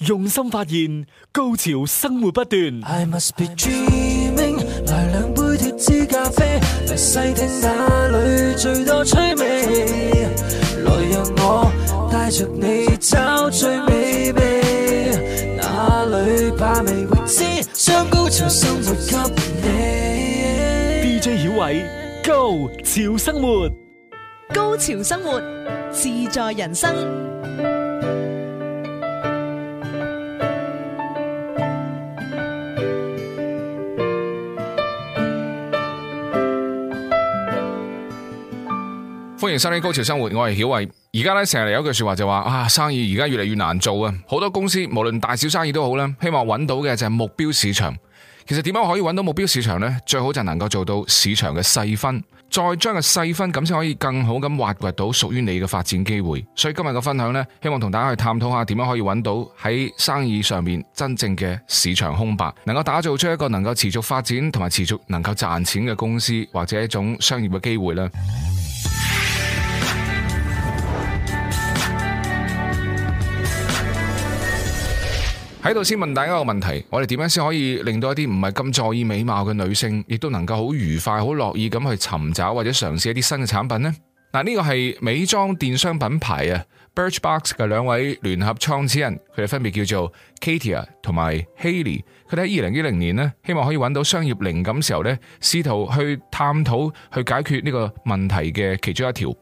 用心發現高潮生活不斷。I must be dreaming, 來兩杯脫脂咖啡，來細聽那裏最多趣味。來讓我帶着你找最美味。哪裏怕未知，將高潮生活給你。DJ 小偉，Go 潮生活，高潮生活自在人生。歡迎收聽《Go 潮生活》，我係曉慧。而家咧，成日嚟有句說話就話啊，生意而家越嚟越難做啊。好多公司無論大小生意都好啦，希望揾到嘅就係目標市場。其實點樣可以揾到目標市場呢？最好就能夠做到市場嘅細分，再將個細分咁先可以更好咁挖掘到屬於你嘅發展機會。所以今日嘅分享呢，希望同大家去探討下點樣可以揾到喺生意上面真正嘅市場空白，能夠打造出一個能夠持續發展同埋持續能夠賺錢嘅公司或者一種商業嘅機會咧。喺度先問大家一個問題，我哋點樣先可以令到一啲唔係咁在意美貌嘅女性，亦都能夠好愉快、好樂意咁去尋找或者嘗試一啲新嘅產品呢？嗱，呢個係美妝電商品牌啊，Birchbox 嘅兩位聯合創始人，佢哋分別叫做 Katia 同埋 Haley，佢哋喺二零一零年呢，希望可以揾到商業靈感時候呢，試圖去探討去解決呢個問題嘅其中一條。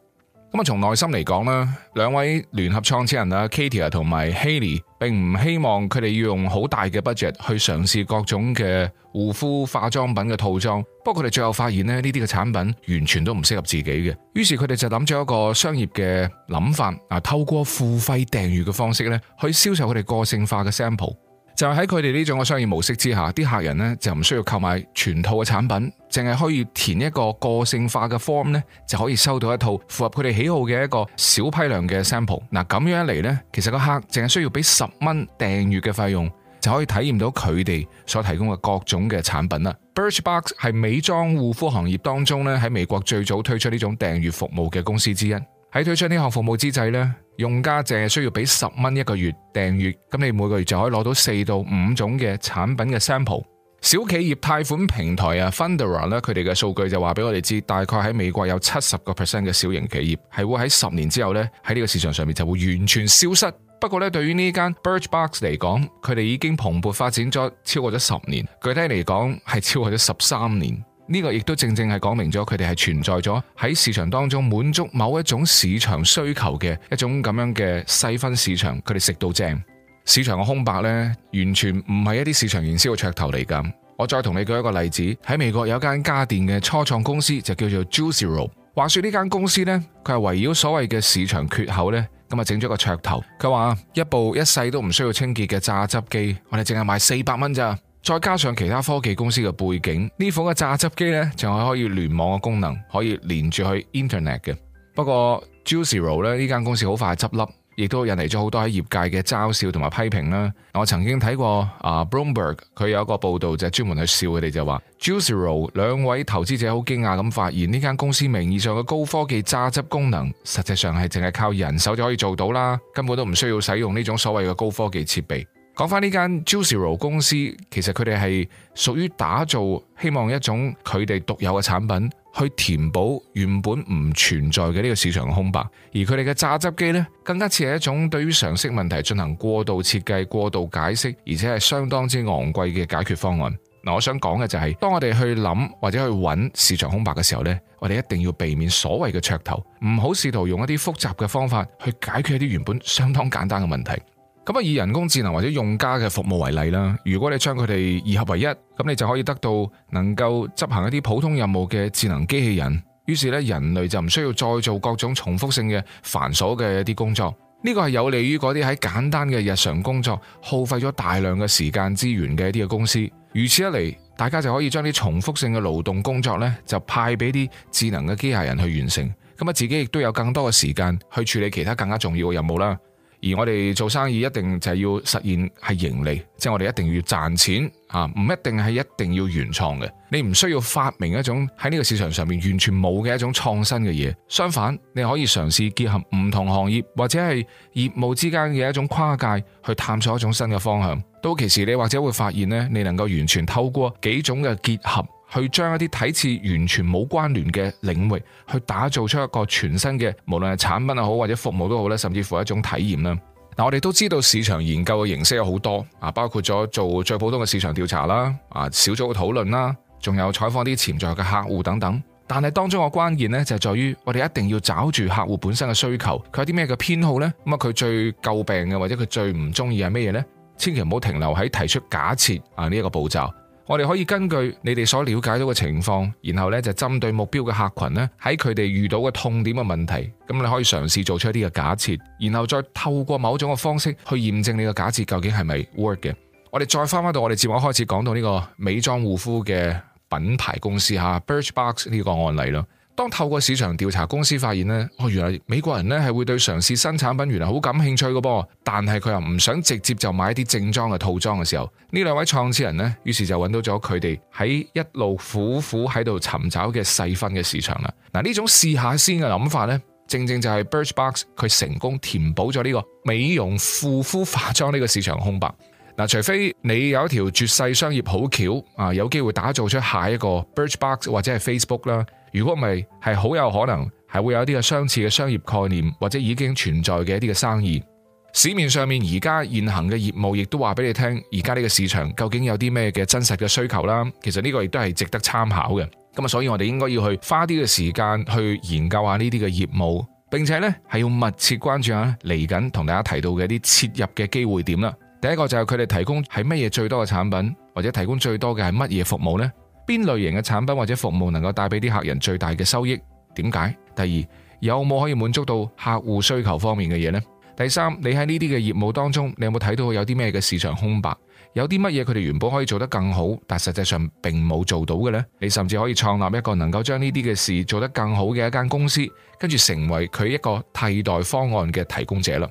咁啊，從內心嚟講咧，兩位聯合創始人啊，Katia 同埋 Haley，並唔希望佢哋要用好大嘅 budget 去嘗試各種嘅護膚化妝品嘅套裝。不過佢哋最後發現咧，呢啲嘅產品完全都唔適合自己嘅。於是佢哋就諗咗一個商業嘅諗法啊，透過付費訂閱嘅方式咧，去銷售佢哋個性化嘅 sample。就喺佢哋呢種嘅商業模式之下，啲客人呢就唔需要購買全套嘅產品，淨係可以填一個個性化嘅 form 呢就可以收到一套符合佢哋喜好嘅一個小批量嘅 sample。嗱，咁樣一嚟呢，其實個客淨係需要俾十蚊訂閱嘅費用，就可以體驗到佢哋所提供嘅各種嘅產品啦。Birchbox 係美妝護膚行業當中呢，喺美國最早推出呢種訂閱服務嘅公司之一。喺推出呢項服務之際呢。用家淨係需要俾十蚊一個月訂閱，咁你每個月就可以攞到四到五種嘅產品嘅 sample。小企業貸款平台啊，Fundera 咧，佢哋嘅數據就話俾我哋知，大概喺美國有七十個 percent 嘅小型企業係會喺十年之後咧喺呢個市場上面就會完全消失。不過咧，對於呢間 Birchbox 嚟講，佢哋已經蓬勃發展咗超過咗十年，具體嚟講係超過咗十三年。呢個亦都正正係講明咗，佢哋係存在咗喺市場當中滿足某一種市場需求嘅一種咁樣嘅細分市場，佢哋食到正。市場嘅空白呢，完全唔係一啲市場營銷嘅噱頭嚟噶。我再同你舉一個例子，喺美國有間家，家電嘅初創公司就叫做 Juicero。話說呢間公司呢，佢係圍繞所謂嘅市場缺口呢，咁啊整咗個噱頭。佢話一部一世都唔需要清潔嘅榨汁機，我哋淨係賣四百蚊咋。再加上其他科技公司嘅背景，呢款嘅榨汁機呢，就係可以聯網嘅功能，可以連住去 Internet 嘅。不過 Juicero 咧呢間公司好快執笠，亦都引嚟咗好多喺業界嘅嘲笑同埋批評啦。我曾經睇過啊 Bloomberg，佢有一個報道就係專門去笑佢哋，就話 Juicero 兩位投資者好驚訝咁發現呢間公司名義上嘅高科技榨汁功能，實際上係淨係靠人手就可以做到啦，根本都唔需要使用呢種所謂嘅高科技設備。講翻呢間 Juicero 公司，其實佢哋係屬於打造希望一種佢哋獨有嘅產品，去填補原本唔存在嘅呢個市場嘅空白。而佢哋嘅榨汁機呢，更加似係一種對於常識問題進行過度設計、過度解釋，而且係相當之昂貴嘅解決方案。嗱，我想講嘅就係，當我哋去諗或者去揾市場空白嘅時候呢，我哋一定要避免所謂嘅噱頭，唔好試圖用一啲複雜嘅方法去解決一啲原本相當簡單嘅問題。咁啊，以人工智能或者用家嘅服務為例啦，如果你將佢哋二合為一，咁你就可以得到能夠執行一啲普通任務嘅智能機器人。於是咧，人類就唔需要再做各種重複性嘅繁瑣嘅一啲工作。呢個係有利於嗰啲喺簡單嘅日常工作耗費咗大量嘅時間資源嘅一啲嘅公司。如此一嚟，大家就可以將啲重複性嘅勞動工作咧，就派俾啲智能嘅機械人去完成。咁啊，自己亦都有更多嘅時間去處理其他更加重要嘅任務啦。而我哋做生意一定就要實現係盈利，即係我哋一定要賺錢啊！唔一定係一定要原創嘅，你唔需要發明一種喺呢個市場上面完全冇嘅一種創新嘅嘢。相反，你可以嘗試結合唔同行業或者係業務之間嘅一種跨界去探索一種新嘅方向。到期時你或者會發現呢，你能夠完全透過幾種嘅結合。去將一啲睇似完全冇關聯嘅領域，去打造出一個全新嘅，無論係產品又好，或者服務都好咧，甚至乎係一種體驗啦。嗱，我哋都知道市場研究嘅形式有好多啊，包括咗做最普通嘅市場調查啦，啊小組嘅討論啦，仲有採訪啲潛在嘅客戶等等。但係當中嘅關鍵呢，就係在於我哋一定要找住客戶本身嘅需求，佢有啲咩嘅偏好呢？咁啊，佢最詬病嘅，或者佢最唔中意係咩嘢呢？千祈唔好停留喺提出假設啊呢一個步驟。我哋可以根據你哋所了解到嘅情況，然後咧就針對目標嘅客群咧，喺佢哋遇到嘅痛點嘅問題，咁你可以嘗試做出一啲嘅假設，然後再透過某種嘅方式去驗證你嘅假設究竟係咪 work 嘅。我哋再翻翻到我哋節目開始講到呢個美妝護膚嘅品牌公司吓，Birchbox 呢個案例咯。當透過市場調查公司發現呢，哦，原來美國人咧係會對嘗試新產品原來好感興趣嘅噃，但係佢又唔想直接就買啲正裝嘅套裝嘅時候，呢兩位創始人呢，於是就揾到咗佢哋喺一路苦苦喺度尋找嘅細分嘅市場啦。嗱、啊，呢種試下先嘅諗法呢，正正就係 Birchbox 佢成功填補咗呢個美容護膚化妝呢個市場空白。嗱，除非你有一條絕世商業好橋啊，有機會打造出下一個 Birchbox 或者係 Facebook 啦。如果唔係，係好有可能係會有一啲嘅相似嘅商業概念，或者已經存在嘅一啲嘅生意市面上面而家現行嘅業務，亦都話俾你聽，而家呢個市場究竟有啲咩嘅真實嘅需求啦。其實呢個亦都係值得參考嘅。咁啊，所以我哋應該要去花啲嘅時間去研究下呢啲嘅業務，並且呢係要密切關注下嚟緊同大家提到嘅一啲切入嘅機會點啦。第一個就係佢哋提供係乜嘢最多嘅產品，或者提供最多嘅係乜嘢服務呢？邊類型嘅產品或者服務能夠帶俾啲客人最大嘅收益？點解？第二，有冇可以滿足到客戶需求方面嘅嘢呢？第三，你喺呢啲嘅業務當中，你有冇睇到有啲咩嘅市場空白？有啲乜嘢佢哋原本可以做得更好，但係實際上並冇做到嘅呢？你甚至可以創立一個能夠將呢啲嘅事做得更好嘅一間公司，跟住成為佢一個替代方案嘅提供者啦。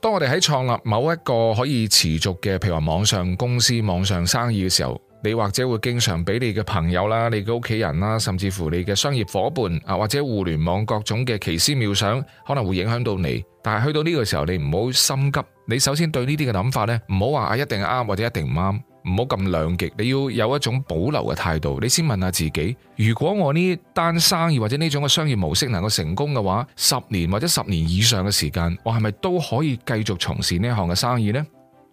當我哋喺創立某一個可以持續嘅，譬如話網上公司、網上生意嘅時候，你或者會經常俾你嘅朋友啦、你嘅屋企人啦，甚至乎你嘅商業夥伴啊，或者互聯網各種嘅奇思妙想，可能會影響到你。但係去到呢個時候，你唔好心急。你首先對呢啲嘅諗法呢，唔好話啊一定啱或者一定唔啱。唔好咁兩極，你要有一種保留嘅態度。你先問下自己，如果我呢單生意或者呢種嘅商業模式能夠成功嘅話，十年或者十年以上嘅時間，我係咪都可以繼續從事呢行嘅生意呢？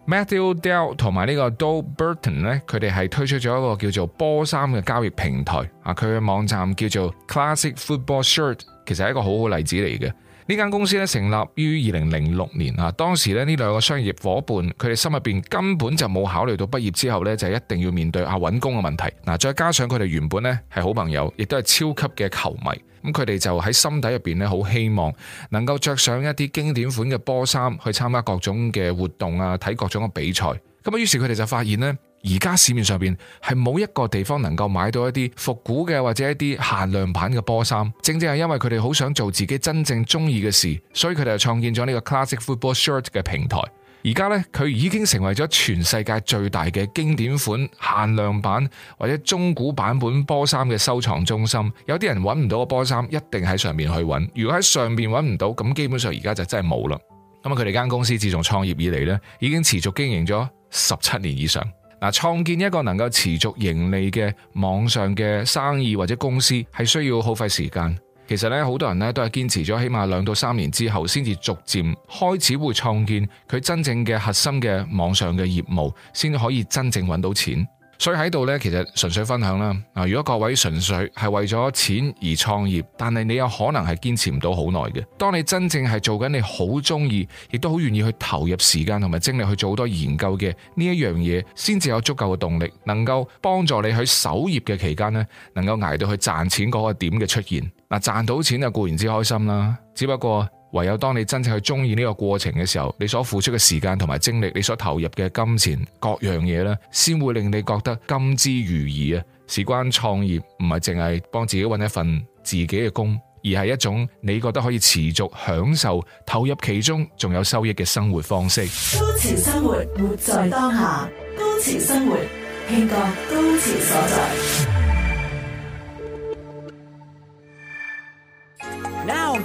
Matthew Dell 同埋呢個 Doe Burton 咧，佢哋係推出咗一個叫做波衫嘅交易平台啊，佢嘅網站叫做 Classic Football Shirt，其實係一個好好例子嚟嘅。呢間公司咧成立於二零零六年啊，當時咧呢兩個商業伙伴佢哋心入邊根本就冇考慮到畢業之後咧就是、一定要面對啊揾工嘅問題嗱，再加上佢哋原本咧係好朋友，亦都係超級嘅球迷，咁佢哋就喺心底入邊咧好希望能夠着上一啲經典款嘅波衫去參加各種嘅活動啊，睇各種嘅比賽，咁啊，於是佢哋就發現呢。而家市面上邊係冇一個地方能夠買到一啲復古嘅或者一啲限量版嘅波衫，正正係因為佢哋好想做自己真正中意嘅事，所以佢哋就創建咗呢個 Classic Football Shirt 嘅平台。而家呢，佢已經成為咗全世界最大嘅經典款限量版或者中古版本波衫嘅收藏中心。有啲人揾唔到個波衫，一定喺上面去揾。如果喺上面揾唔到，咁基本上而家就真係冇啦。咁啊，佢哋間公司自從創業以嚟呢，已經持續經營咗十七年以上。嗱，創建一個能夠持續盈利嘅網上嘅生意或者公司，係需要耗費時間。其實咧，好多人咧都係堅持咗起碼兩到三年之後，先至逐漸開始會創建佢真正嘅核心嘅網上嘅業務，先可以真正揾到錢。所以喺度咧，其實純粹分享啦。啊，如果各位純粹係為咗錢而創業，但係你有可能係堅持唔到好耐嘅。當你真正係做緊你好中意，亦都好願意去投入時間同埋精力去做好多研究嘅呢一樣嘢，先至有足夠嘅動力，能夠幫助你喺守業嘅期間呢，能夠捱到去賺錢嗰個點嘅出現。嗱，賺到錢就固然之開心啦，只不過。唯有當你真正去中意呢個過程嘅時候，你所付出嘅時間同埋精力，你所投入嘅金錢，各樣嘢咧，先會令你覺得甘之如飴啊！事關創業，唔係淨係幫自己搵一份自己嘅工，而係一種你覺得可以持續享受投入其中，仲有收益嘅生活方式。Go 潮生活，活在當下；Go 潮生活，興國 Go 潮所在。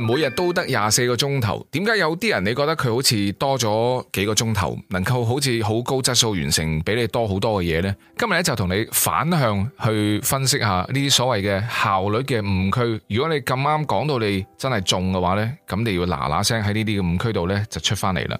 每日都得廿四個鐘頭，點解有啲人你覺得佢好似多咗幾個鐘頭，能夠好似好高質素完成比你多好多嘅嘢呢？今日咧就同你反向去分析下呢啲所謂嘅效率嘅誤區。如果你咁啱講到你真係中嘅話呢，咁你要嗱嗱聲喺呢啲嘅誤區度呢，就出翻嚟啦。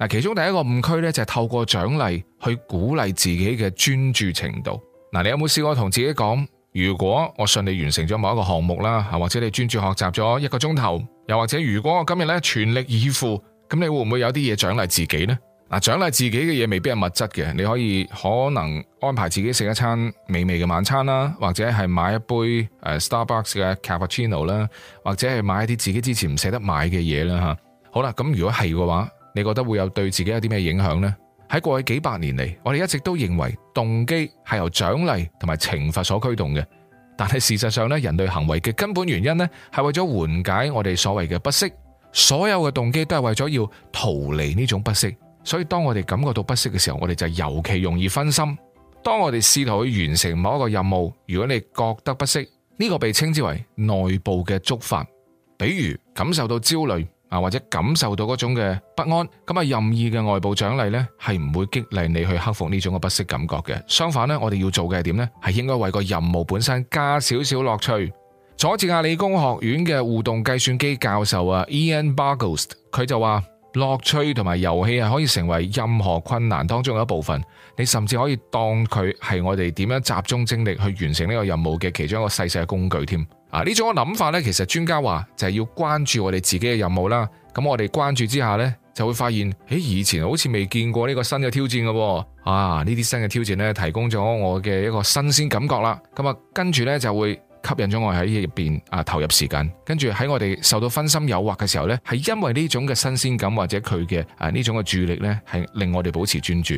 嗱，其中第一個誤區呢，就係透過獎勵去鼓勵自己嘅專注程度。嗱，你有冇試過同自己講？如果我順利完成咗某一個項目啦，或者你專注學習咗一個鐘頭，又或者如果我今日咧全力以赴，咁你會唔會有啲嘢獎勵自己呢？嗱，獎勵自己嘅嘢未必係物質嘅，你可以可能安排自己食一餐美味嘅晚餐啦，或者係買一杯誒 Starbucks 嘅 Cappuccino 啦，或者係買一啲自己之前唔捨得買嘅嘢啦吓。好啦，咁如果係嘅話，你覺得會有對自己有啲咩影響呢？喺過去幾百年嚟，我哋一直都認為動機係由獎勵同埋懲罰所驅動嘅。但係事實上咧，人類行為嘅根本原因咧，係為咗緩解我哋所謂嘅不適。所有嘅動機都係為咗要逃離呢種不適。所以當我哋感覺到不適嘅時候，我哋就尤其容易分心。當我哋試圖去完成某一個任務，如果你覺得不適，呢個被稱之為內部嘅觸發，比如感受到焦慮。或者感受到嗰種嘅不安，咁啊，任意嘅外部獎勵呢，係唔會激勵你去克服呢種嘅不適感覺嘅。相反呢，我哋要做嘅係點呢？係應該為個任務本身加少少樂趣。佐治亞理工學院嘅互動計算機教授啊，Ian Bogost，佢就話：樂趣同埋遊戲係可以成為任何困難當中嘅一部分。你甚至可以當佢係我哋點樣集中精力去完成呢個任務嘅其中一個細細嘅工具添。啊！呢種嘅諗法咧，其實專家話就係要關注我哋自己嘅任務啦。咁我哋關注之下呢，就會發現喺、欸、以前好似未見過呢個新嘅挑戰嘅、哦。啊！呢啲新嘅挑戰咧，提供咗我嘅一個新鮮感覺啦。咁啊，跟住呢，就會吸引咗我喺入邊啊投入時間。跟住喺我哋受到分心誘惑嘅時候呢，係因為呢種嘅新鮮感或者佢嘅啊呢種嘅助力呢，係令我哋保持專注。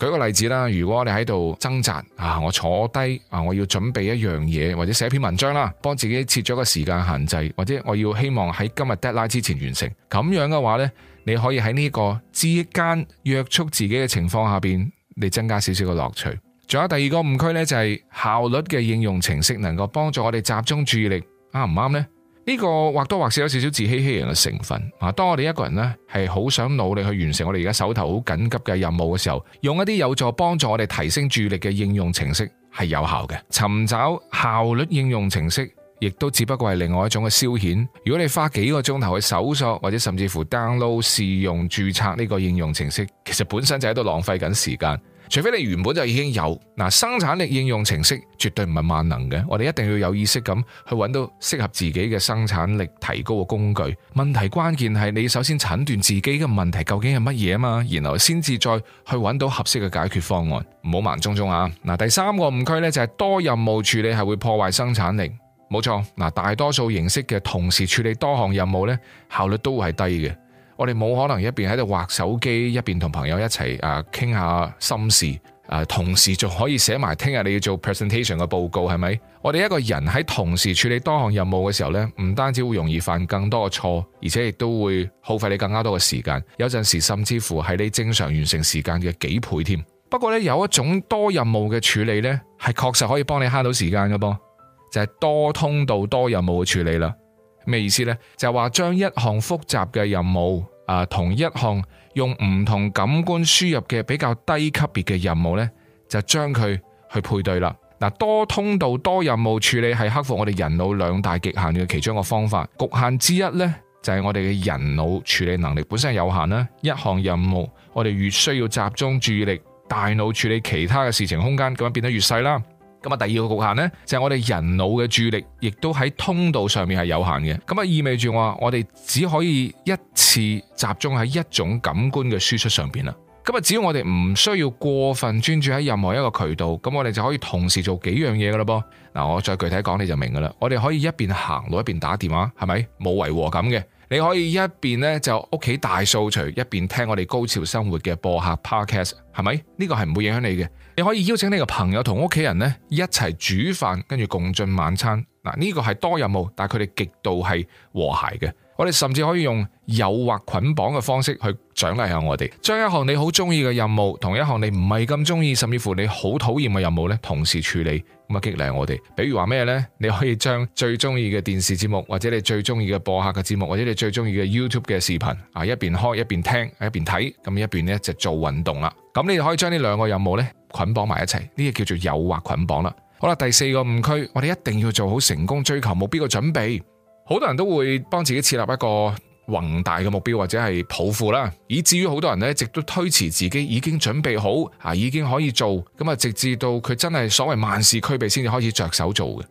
舉個例子啦，如果你喺度掙扎啊，我坐低啊，我要準備一樣嘢或者寫篇文章啦，幫自己設咗個時間限制，或者我要希望喺今日 deadline 之前完成，咁樣嘅話呢，你可以喺呢個之間約束自己嘅情況下邊，你增加少少個樂趣。仲有第二個誤區呢，就係效率嘅應用程式能夠幫助我哋集中注意力，啱唔啱呢？呢個或多或少有少少自欺欺人嘅成分。啊，當我哋一個人咧，係好想努力去完成我哋而家手頭好緊急嘅任務嘅時候，用一啲有助幫助我哋提升注意力嘅應用程式係有效嘅。尋找效率應用程式，亦都只不過係另外一種嘅消遣。如果你花幾個鐘頭去搜索或者甚至乎 download 試用注冊呢個應用程式，其實本身就喺度浪費緊時間。除非你原本就已經有，嗱，生產力應用程式絕對唔係萬能嘅，我哋一定要有意識咁去揾到適合自己嘅生產力提高嘅工具。問題關鍵係你首先診斷自己嘅問題究竟係乜嘢啊嘛，然後先至再去揾到合適嘅解決方案。唔好盲中中啊！嗱，第三個誤區呢，就係多任務處理係會破壞生產力，冇錯。嗱，大多數形式嘅同時處理多項任務呢，效率都係低嘅。我哋冇可能一邊喺度劃手機，一邊同朋友一齊誒傾下心事，誒、啊、同時仲可以寫埋聽日你要做 presentation 嘅報告，係咪？我哋一個人喺同時處理多項任務嘅時候呢，唔單止會容易犯更多嘅錯，而且亦都會耗費你更加多嘅時間。有陣時甚至乎係你正常完成時間嘅幾倍添。不過呢，有一種多任務嘅處理呢，係確實可以幫你慳到時間嘅噃，就係、是、多通道多任務嘅處理啦。咩意思呢？就係話將一項複雜嘅任務，啊、呃、同一項用唔同感官輸入嘅比較低級別嘅任務呢，就將佢去配對啦。嗱，多通道多任務處理係克服我哋人腦兩大極限嘅其中一個方法。局限之一呢，就係、是、我哋嘅人腦處理能力本身係有限啦。一項任務我哋越需要集中注意力，大腦處理其他嘅事情空間咁樣變得越細啦。咁啊，第二個局限呢，就係、是、我哋人腦嘅注意力，亦都喺通道上面係有限嘅。咁、嗯、啊，意味住我，我哋只可以一次集中喺一種感官嘅輸出上邊啦。咁、嗯、啊，只要我哋唔需要過分專注喺任何一個渠道，咁、嗯、我哋就可以同時做幾樣嘢噶啦噃。嗱、嗯，我再具體講你就明噶啦。我哋可以一邊行路一邊打電話，係咪冇違和感嘅？你可以一邊呢，就屋企大掃除，一邊聽我哋 Go 潮生活嘅播客 podcast，係咪？呢、這個係唔會影響你嘅。你可以邀請你個朋友同屋企人咧一齊煮飯，跟住共進晚餐。嗱，呢個係多任務，但係佢哋極度係和諧嘅。我哋甚至可以用誘惑捆綁嘅方式去獎勵下我哋，將一項你好中意嘅任務，同一項你唔係咁中意，甚至乎你好討厭嘅任務咧，同時處理咁啊，樣激勵我哋。比如話咩呢？你可以將最中意嘅電視節目，或者你最中意嘅播客嘅節目，或者你最中意嘅 YouTube 嘅視頻啊，一邊開一邊聽，一邊睇，咁一邊咧就做運動啦。咁你可以將呢兩個任務咧。捆綁埋一齊，呢個叫做誘惑捆綁啦。好啦，第四個誤區，我哋一定要做好成功追求目標嘅準備。好多人都會幫自己設立一個宏大嘅目標或者係抱負啦，以至於好多人呢，一直都推遲自己已經準備好啊，已經可以做咁啊，直至到佢真係所謂萬事俱備，先至開始着手做嘅。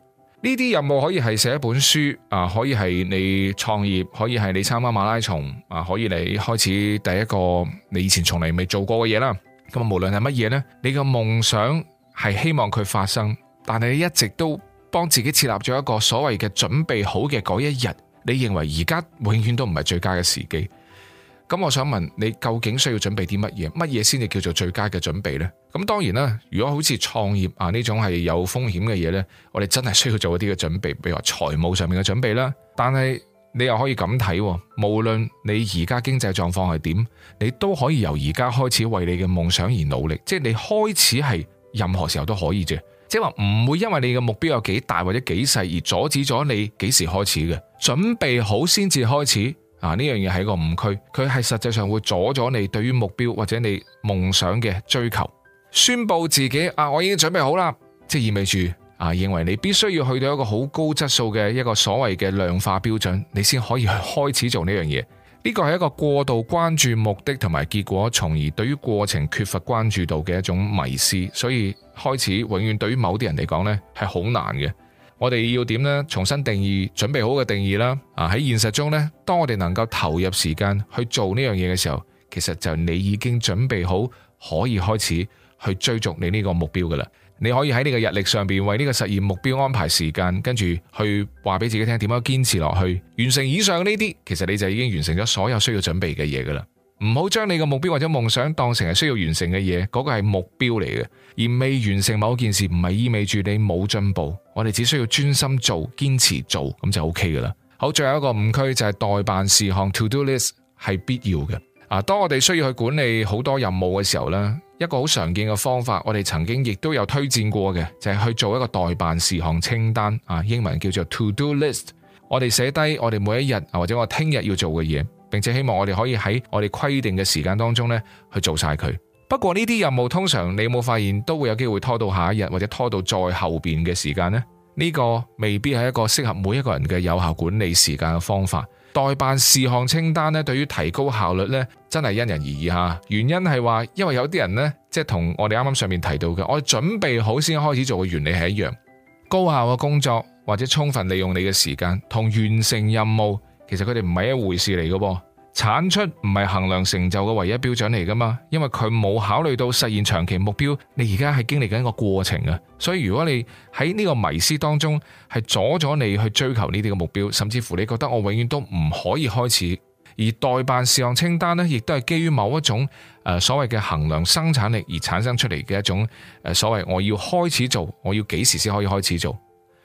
呢啲任務可以係寫一本書啊，可以係你創業，可以係你參加馬拉松啊，可以你開始第一個你以前從嚟未做過嘅嘢啦。咁無論係乜嘢呢，你嘅夢想係希望佢發生，但係你一直都幫自己設立咗一個所謂嘅準備好嘅嗰一日，你認為而家永遠都唔係最佳嘅時機。咁我想問你，究竟需要準備啲乜嘢？乜嘢先至叫做最佳嘅準備呢？咁當然啦，如果好似創業啊呢種係有風險嘅嘢咧，我哋真係需要做一啲嘅準備，比如話財務上面嘅準備啦。但係，你又可以咁睇，無論你而家經濟狀況係點，你都可以由而家開始為你嘅夢想而努力，即係你開始係任何時候都可以啫，即係話唔會因為你嘅目標有幾大或者幾細而阻止咗你幾時開始嘅。準備好先至開始啊！呢樣嘢係一個誤區，佢係實際上會阻咗你對於目標或者你夢想嘅追求。宣布自己啊，我已經準備好啦，即係意味住。啊，認為你必須要去到一個好高質素嘅一個所謂嘅量化標準，你先可以去開始做呢樣嘢。呢個係一個過度關注目的同埋結果，從而對於過程缺乏關注度嘅一種迷思。所以開始永遠對於某啲人嚟講呢係好難嘅。我哋要點呢？重新定義，準備好嘅定義啦。啊，喺現實中呢，當我哋能夠投入時間去做呢樣嘢嘅時候，其實就你已經準備好可以開始去追逐你呢個目標噶啦。你可以喺你嘅日曆上邊為呢個實現目標安排時間，跟住去話俾自己聽點樣堅持落去完成以上呢啲，其實你就已經完成咗所有需要準備嘅嘢噶啦。唔好將你嘅目標或者夢想當成係需要完成嘅嘢，嗰個係目標嚟嘅。而未完成某件事，唔係意味住你冇進步。我哋只需要專心做，堅持做，咁就 OK 噶啦。好，最後一個誤區就係代辦事項 to do list 係必要嘅。啊，當我哋需要去管理好多任務嘅時候咧。一個好常見嘅方法，我哋曾經亦都有推薦過嘅，就係去做一個待辦事項清單，啊，英文叫做 to do list。我哋寫低我哋每一日或者我聽日要做嘅嘢，並且希望我哋可以喺我哋規定嘅時間當中呢去做曬佢。不過呢啲任務通常你有冇發現都會有機會拖到下一日或者拖到再後邊嘅時間呢？呢個未必係一個適合每一個人嘅有效管理時間嘅方法。代辦事項清單呢，對於提高效率呢，真係因人而異吓。原因係話，因為有啲人呢，即係同我哋啱啱上面提到嘅，我準備好先開始做嘅原理係一樣。高效嘅工作或者充分利用你嘅時間，同完成任務，其實佢哋唔係一回事嚟噶噃。產出唔係衡量成就嘅唯一標準嚟㗎嘛，因為佢冇考慮到實現長期目標，你而家係經歷緊一個過程啊。所以如果你喺呢個迷思當中係阻咗你去追求呢啲嘅目標，甚至乎你覺得我永遠都唔可以開始，而待辦事項清單呢，亦都係基於某一種誒所謂嘅衡量生產力而產生出嚟嘅一種誒所謂我要開始做，我要幾時先可以開始做。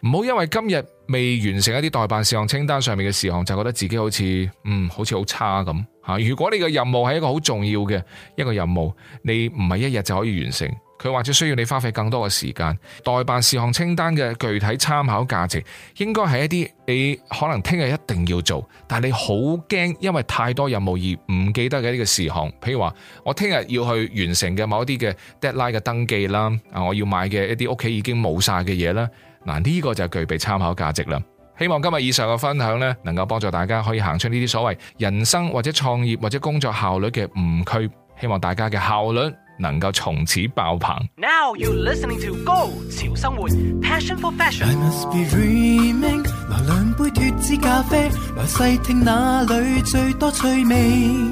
唔好因為今日未完成一啲代辦事項清單上面嘅事項，就覺得自己好似嗯，好似好差咁吓。如果你嘅任務係一個好重要嘅一個任務，你唔係一日就可以完成，佢或者需要你花費更多嘅時間。代辦事項清單嘅具體參考價值，應該係一啲你可能聽日一定要做，但係你好驚因為太多任務而唔記得嘅呢個事項。譬如話我聽日要去完成嘅某一啲嘅 deadline 嘅登記啦，啊，我要買嘅一啲屋企已經冇晒嘅嘢啦。嗱呢個就具備參考價值啦！希望今日以上嘅分享呢，能夠幫助大家可以行出呢啲所謂人生或者創業或者工作效率嘅誤區，希望大家嘅效率能夠從此爆棚。Now you're listening to Go，潮生活 Passion for fashion。I must be dreaming。來兩杯脫脂咖啡，來細聽哪裏最多趣味，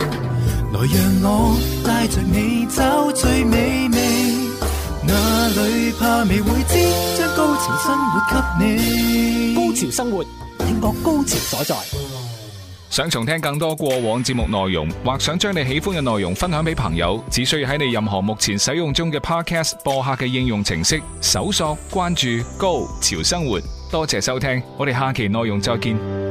來讓我帶着你走最美味。Go 潮生活，聽我高潮所在。想重聽更多過往節目內容，或想將你喜歡嘅內容分享俾朋友，只需要喺你任何目前使用中嘅 Podcast 播客嘅應用程式搜索、關注 “Go 潮生活”。多謝收聽，我哋下期內容再見。